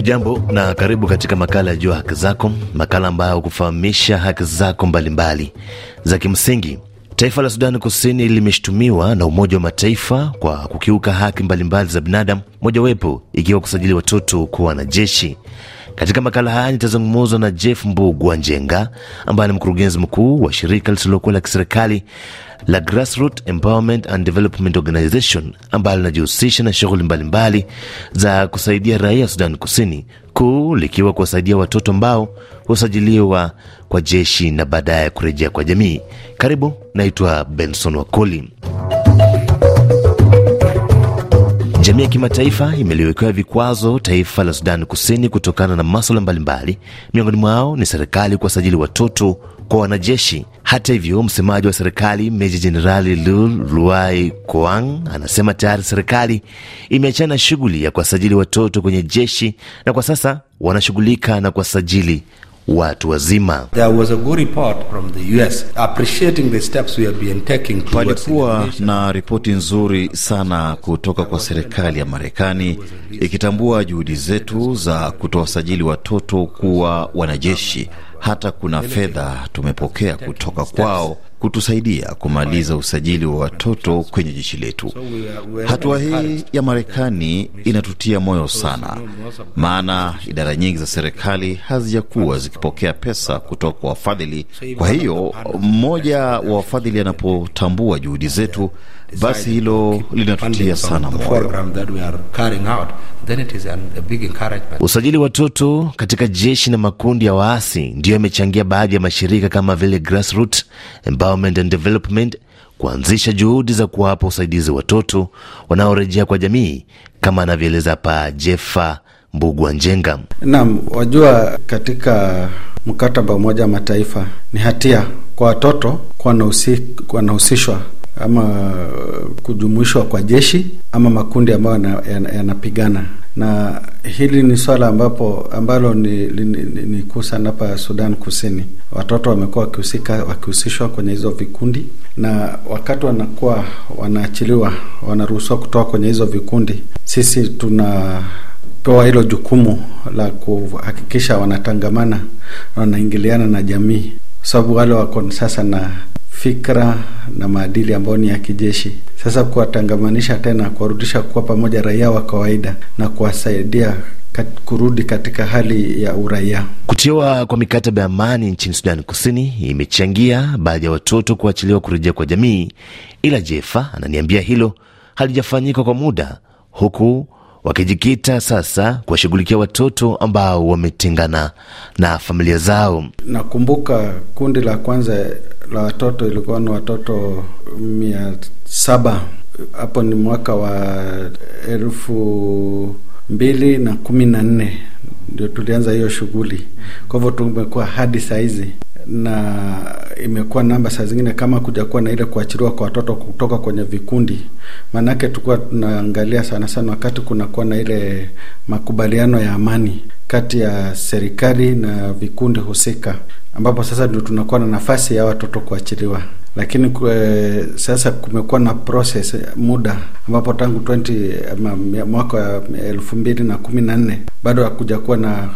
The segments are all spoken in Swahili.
Hujambo na karibu katika makala ya Jua Haki Zako, makala ambayo hukufahamisha haki zako mbalimbali za kimsingi. Taifa la Sudani Kusini limeshutumiwa na Umoja wa Mataifa kwa kukiuka haki mbalimbali za binadamu, mojawapo ikiwa kusajili watoto kuwa wanajeshi. Katika makala haya nitazungumuzwa na Jeff Mbugua Njenga ambaye ni mkurugenzi mkuu wa shirika lisilokuwa la kiserikali la Grassroot Empowerment and Development Organization ambalo linajihusisha na shughuli mbalimbali za kusaidia raia sudani Kusini, kuu likiwa kuwasaidia watoto ambao husajiliwa kwa jeshi na baadaye kurejea kwa jamii. Karibu, naitwa Benson Wakoli. Jumuiya ya kimataifa imeliwekewa vikwazo taifa la Sudani Kusini kutokana na maswala mbalimbali, miongoni mwao ni serikali kuwasajili watoto kwa wanajeshi. Hata hivyo, msemaji wa serikali Meja Jenerali Lul Luai Koang anasema tayari serikali imeachana shughuli ya kuwasajili watoto kwenye jeshi na kwa sasa wanashughulika na kuwasajili watu wazima. Palikuwa na ripoti nzuri sana kutoka kwa serikali ya Marekani ikitambua juhudi zetu za kutowasajili watoto kuwa wanajeshi. Hata kuna fedha tumepokea kutoka kwao kutusaidia kumaliza usajili wa watoto kwenye jeshi letu. Hatua hii ya Marekani inatutia moyo sana, maana idara nyingi za serikali hazijakuwa zikipokea pesa kutoka kwa wafadhili. Kwa hiyo mmoja wa wafadhili anapotambua juhudi zetu, basi hilo linatutia sana moyo. Usajili wa watoto katika jeshi na makundi ya waasi ndiyo yamechangia baadhi ya mashirika kama vile Grassroot Empowerment and Development kuanzisha juhudi za kuwapa usaidizi watoto wanaorejea kwa jamii, kama anavyoeleza pa Jefa Mbugwa Njenga. Naam, wajua katika mkataba wa Umoja wa Mataifa ni hatia kwa watoto wanahusishwa ama kujumuishwa kwa jeshi ama makundi ambayo yanapigana na hili ni swala ambapo ambalo ni, ni, ni, ni kuu sana hapa Sudan Kusini. Watoto wamekuwa wakihusika wakihusishwa kwenye hizo vikundi, na wakati wanakuwa wanaachiliwa, wanaruhusiwa kutoka kwenye hizo vikundi, sisi tunapewa hilo jukumu la kuhakikisha wanatangamana, wanaingiliana na jamii, kwa sababu wale wako sasa na fikra na maadili ambayo ni ya kijeshi. Sasa kuwatangamanisha tena, kuwarudisha kuwa pamoja raia wa kawaida na kuwasaidia kat, kurudi katika hali ya uraia. Kutiwa kwa mikataba ya amani nchini Sudani Kusini imechangia baadhi ya watoto kuachiliwa kurejea kwa jamii, ila Jefa ananiambia hilo halijafanyika kwa muda, huku wakijikita sasa kuwashughulikia watoto ambao wametengana na familia zao. Nakumbuka kundi la kwanza la watoto ilikuwa ni watoto mia saba. Hapo ni mwaka wa elfu mbili na kumi na nne ndio tulianza hiyo shughuli. Kwa hivyo tumekuwa hadi sahizi na imekuwa namba saa zingine kama kuja kuwa na ile kuachiriwa kwa watoto kutoka kwenye vikundi. Maanake tukuwa tunaangalia sana sana wakati kunakuwa na ile makubaliano ya amani kati ya serikali na vikundi husika, ambapo sasa ndio tunakuwa na nafasi ya watoto kuachiliwa lakini kwe, eh, sasa kumekuwa na process eh, muda ambapo tangu 20 eh, mwaka wa elfu mbili na kumi na nne bado hakuja kuwa na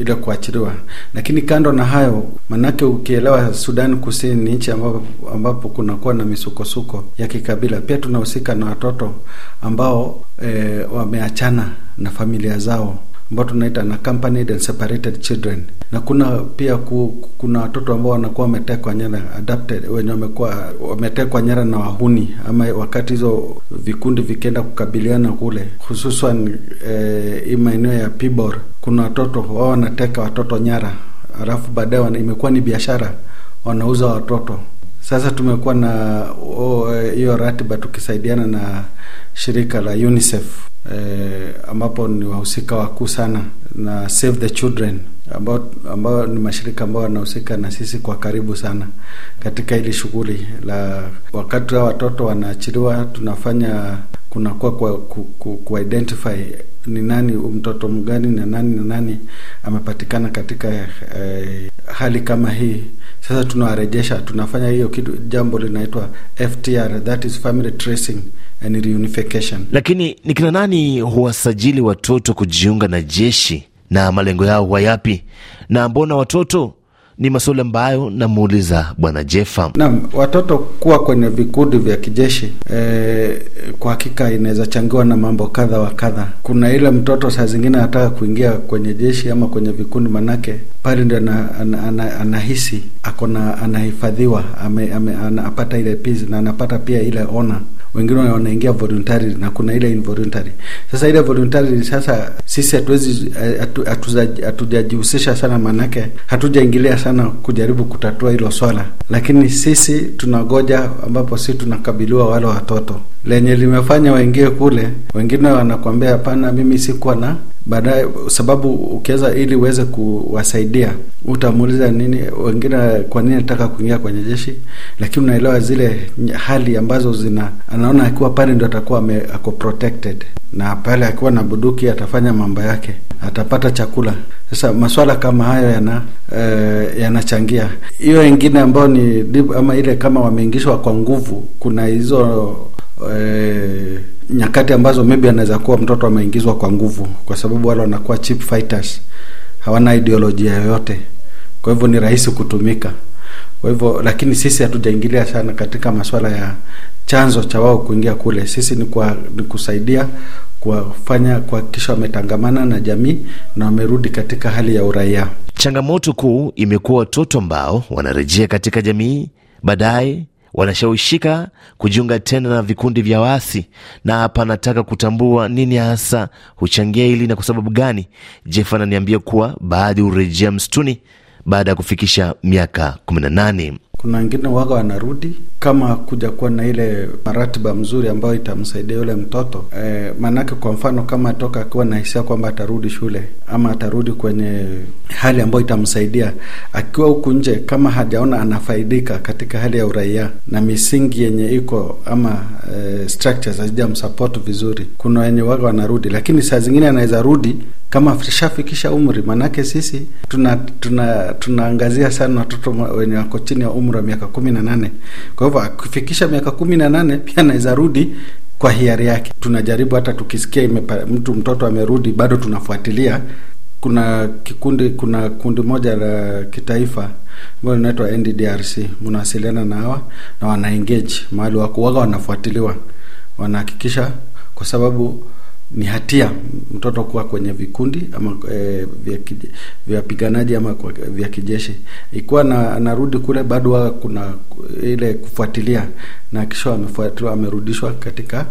ile kuachiliwa. Lakini kando na hayo, manake ukielewa, Sudan Kusini ni nchi ambapo, ambapo kunakuwa na misukosuko ya kikabila. Pia tunahusika na watoto ambao e, wameachana na familia zao ambao tunaita unaccompanied and separated children, na kuna pia ku, kuna watoto ambao wanakuwa wametekwa nyara adapted, wenye wamekuwa wametekwa nyara na wahuni, ama wakati hizo vikundi vikienda kukabiliana kule, hususan e, maeneo ya Pibor, kuna watoto wao wanateka watoto nyara, alafu baadaye imekuwa ni biashara, wanauza watoto. Sasa tumekuwa na oh, eh, hiyo oh, ratiba tukisaidiana na shirika la UNICEF eh, ambapo ni wahusika wakuu sana na Save the Children ambao ambao ni mashirika ambao wanahusika na sisi kwa karibu sana katika hili shughuli la wakati wa watoto wanaachiliwa, tunafanya kunakuwa kwa ku, ku, ku identify ni nani mtoto mgani na nani na nani amepatikana katika eh, hali kama hii. Sasa tunawarejesha, tunafanya hiyo kitu, jambo linaitwa FTR, that is family tracing and reunification. Lakini ni kina nani huwasajili watoto kujiunga na jeshi na malengo yao wayapi yapi, na mbona watoto ni masuala ambayo namuuliza Bwana Jefa. Naam, watoto kuwa kwenye vikundi vya kijeshi e, kwa hakika inaweza changiwa na mambo kadha wa kadha. Kuna ile mtoto saa zingine anataka kuingia kwenye jeshi ama kwenye vikundi, manake pale ndio ana, ana, ana, anahisi akona anahifadhiwa, ame, ame, anapata ile peace na anapata pia ile ona wengine wanaingia voluntary na kuna ile involuntary. Sasa ile voluntary, sasa sisi hatuwezi hatujajihusisha atu, sana, maanake hatujaingilia sana kujaribu kutatua hilo swala, lakini sisi tunagoja ambapo sisi tunakabiliwa wale watoto lenye limefanya waingie kule. Wengine wanakuambia hapana, mimi sikuwa na baadaye, sababu ukiweza, ili uweze kuwasaidia, utamuuliza nini wengine, kwa nini nataka kuingia kwenye jeshi, lakini unaelewa zile hali ambazo zina, anaona akiwa pale ndio atakuwa ako protected na pale akiwa na buduki atafanya mambo yake, atapata chakula. Sasa masuala kama hayo yana uh, yanachangia hiyo. Wengine ambao ni ama ile kama wameingishwa kwa nguvu, kuna hizo e, nyakati ambazo maybe anaweza kuwa mtoto ameingizwa kwa nguvu, kwa sababu wale wanakuwa cheap fighters, hawana ideolojia yoyote, kwa hivyo ni rahisi kutumika. Kwa hivyo lakini sisi hatujaingilia sana katika masuala ya chanzo cha wao kuingia kule. Sisi ni, kwa, ni kusaidia kuwafanya kuhakikisha wametangamana na jamii na wamerudi katika hali ya uraia. Changamoto kuu imekuwa watoto ambao wanarejea katika jamii baadaye wanashawishika kujiunga tena na vikundi vya waasi, na hapa anataka kutambua nini hasa huchangia hili na kwa sababu gani. Jeff ananiambia kuwa baadhi hurejea msituni baada ya kufikisha miaka 18 kuna wengine waga wanarudi kama kuja kuwa na ile maratiba mzuri ambayo itamsaidia yule mtoto e, maanake kwa mfano kama toka akiwa na hisia kwamba atarudi shule ama atarudi kwenye hali ambayo itamsaidia akiwa huku nje, kama hajaona anafaidika katika hali ya uraia na misingi yenye iko ama e, structures hazijamsupport vizuri, kuna wenye waga wanarudi, lakini saa zingine anaweza rudi kama shafikisha umri, maanake sisi tunaangazia tuna, tuna sana watoto wenye wako chini ya umri umri wa miaka kumi na nane. Kwa hivyo akifikisha miaka kumi na nane pia anaweza rudi kwa hiari yake. Tunajaribu hata tukisikia imepa, mtu mtoto amerudi, bado tunafuatilia. Kuna kikundi, kuna kundi moja la kitaifa ambayo inaitwa NDDRC, mnawasiliana na hawa na wana engage mahali wako waga, wanafuatiliwa, wanahakikisha kwa sababu ni hatia mtoto kuwa kwenye vikundi ama e, vya, vya piganaji ama kwa, vya kijeshi. Ikiwa na, narudi kule bado kuna ile kufuatilia, na kisha amefuatiliwa amerudishwa katika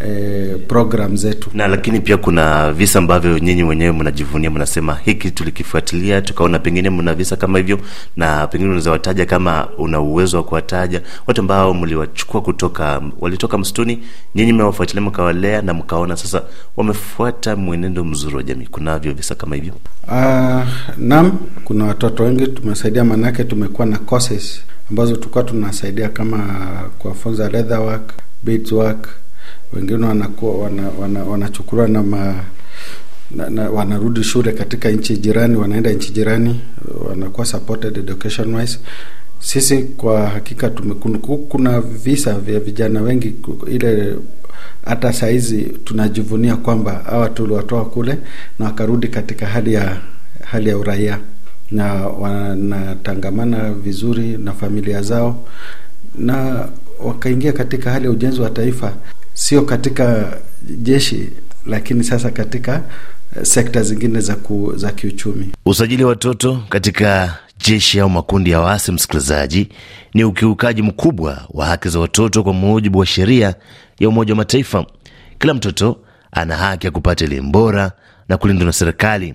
Eh, program zetu. Na lakini pia kuna visa ambavyo nyinyi wenyewe mnajivunia, mnasema hiki tulikifuatilia tukaona, pengine mna visa kama hivyo, na pengine unaweza wataja kama una uwezo wa kuwataja watu ambao mliwachukua kutoka, walitoka msituni, nyinyi mmewafuatilia mkawalea, na mkaona sasa wamefuata mwenendo mzuri wa jamii. Kunavyo visa kama hivyo? Uh, ah, nam kuna watoto wengi tumesaidia, maanaake tumekuwa na courses ambazo tulikuwa tunasaidia kama kuwafunza work, work wengine wanakuwa wana, wana, wanachukuliwa na na, na, wanarudi shule katika nchi jirani, wanaenda nchi jirani, wanakuwa supported education wise. Sisi kwa hakika tumekunuku, kuna visa vya vijana wengi ile hata saizi tunajivunia kwamba hawa tuliwatoa kule na wakarudi katika hali ya hali ya uraia na wanatangamana vizuri na familia zao na wakaingia katika hali ya ujenzi wa taifa sio katika jeshi, lakini sasa katika eh, sekta zingine za, ku, za kiuchumi. Usajili wa watoto katika jeshi au makundi ya waasi, msikilizaji, ni ukiukaji mkubwa wa haki za watoto kwa mujibu wa sheria ya Umoja wa Mataifa. Kila mtoto ana haki ya kupata elimu bora na kulindwa na serikali,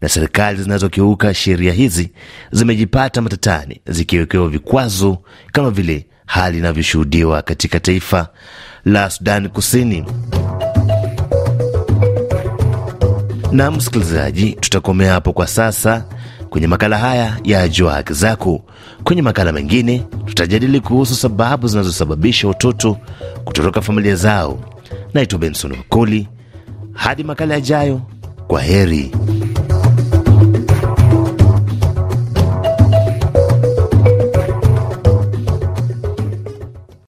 na serikali zinazokiuka sheria hizi zimejipata matatani, zikiwekewa vikwazo kama vile hali inavyoshuhudiwa katika taifa la Sudani Kusini. Na msikilizaji, tutakomea hapo kwa sasa kwenye makala haya ya Jua Haki Zako. Kwenye makala mengine, tutajadili kuhusu sababu zinazosababisha watoto kutoroka familia zao. Naitwa Benson Wakoli, hadi makala yajayo, kwa heri.